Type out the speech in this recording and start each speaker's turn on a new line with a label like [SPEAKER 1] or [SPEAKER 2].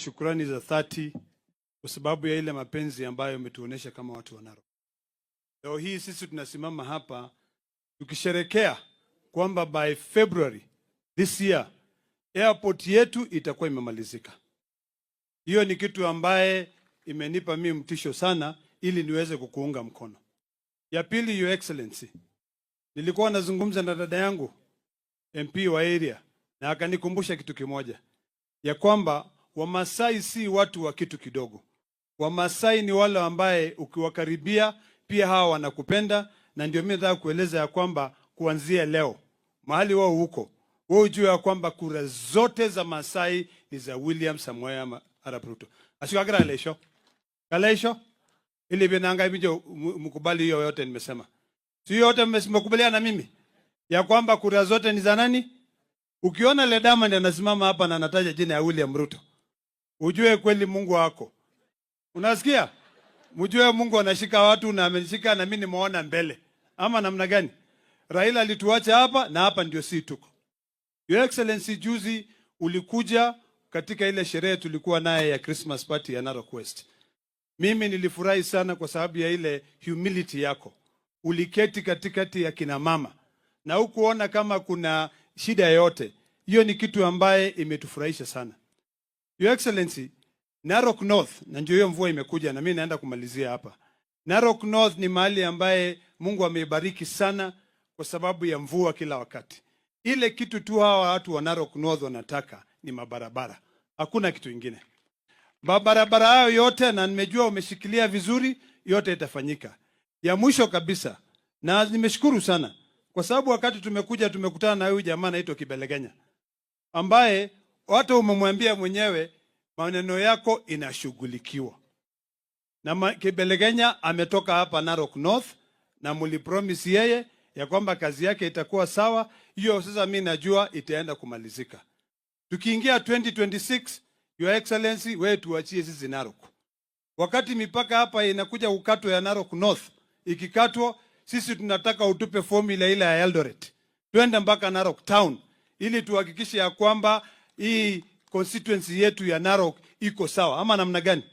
[SPEAKER 1] shukrani za dhati kwa sababu ya ile mapenzi ambayo umetuonesha kama watu wa Narok. Leo hii sisi tunasimama hapa tukisherekea kwamba by February this year airport yetu itakuwa imemalizika. Hiyo ni kitu ambaye imenipa mimi mtisho sana ili niweze kukuunga mkono. Ya pili, your excellency, nilikuwa nazungumza na dada yangu MP wa area na akanikumbusha kitu kimoja ya kwamba Wamasai si watu wa kitu kidogo. Wamasai ni wale ambaye ukiwakaribia pia hawa wanakupenda, na ndio mimi nataka kueleza ya kwamba kuanzia leo mahali wao huko, wewe ujue ya kwamba kura zote za Masai ni za William Samoei Arap Ruto. Asikagira lesho. Kalesho ili binanga hiyo mkubali hiyo yote nimesema. Si yote mmekubaliana na mimi ya kwamba kura zote ni za nani? Ukiona Ledama ndiye anasimama hapa na anataja jina ya William Ruto ujue kweli Mungu wako. Unasikia? Mjue Mungu anashika watu na amenishika na mimi nimeona mbele. Ama namna gani? Raila alituacha hapa na hapa ndio si tuko. Your Excellency, juzi ulikuja katika ile sherehe tulikuwa naye ya Christmas party ya Narok West. Mimi nilifurahi sana kwa sababu ya ile humility yako. Uliketi katikati ya kina mama na hukuona kama kuna shida yoyote. Hiyo ni kitu ambaye imetufurahisha sana. Your Excellency, Narok North na ndio hiyo mvua imekuja na mimi naenda kumalizia hapa. Narok North ni mahali ambaye Mungu ameibariki sana kwa sababu ya mvua kila wakati. Ile kitu tu hawa watu wa Narok North wanataka ni mabarabara. Hakuna kitu kingine. Mabarabara hayo yote na nimejua umeshikilia vizuri, yote itafanyika. Ya mwisho kabisa na nimeshukuru sana kwa sababu wakati tumekuja tumekutana na huyu jamaa anaitwa Kibelegenya ambaye watu umemwambia mwenyewe maneno yako inashughulikiwa. Na Kibelegenya ametoka hapa Narok North na mulipromise yeye ya kwamba kazi yake itakuwa sawa. Hiyo sasa mimi najua itaenda kumalizika. Tukiingia 2026 Your Excellency, wewe tuachie sisi Narok. Wakati mipaka hapa inakuja kukatwa ya Narok North ikikatwa, sisi tunataka utupe formula ile ya Eldoret, twende mpaka Narok Town ili tuhakikishe ya kwamba hii constituency yetu ya Narok iko sawa ama namna gani?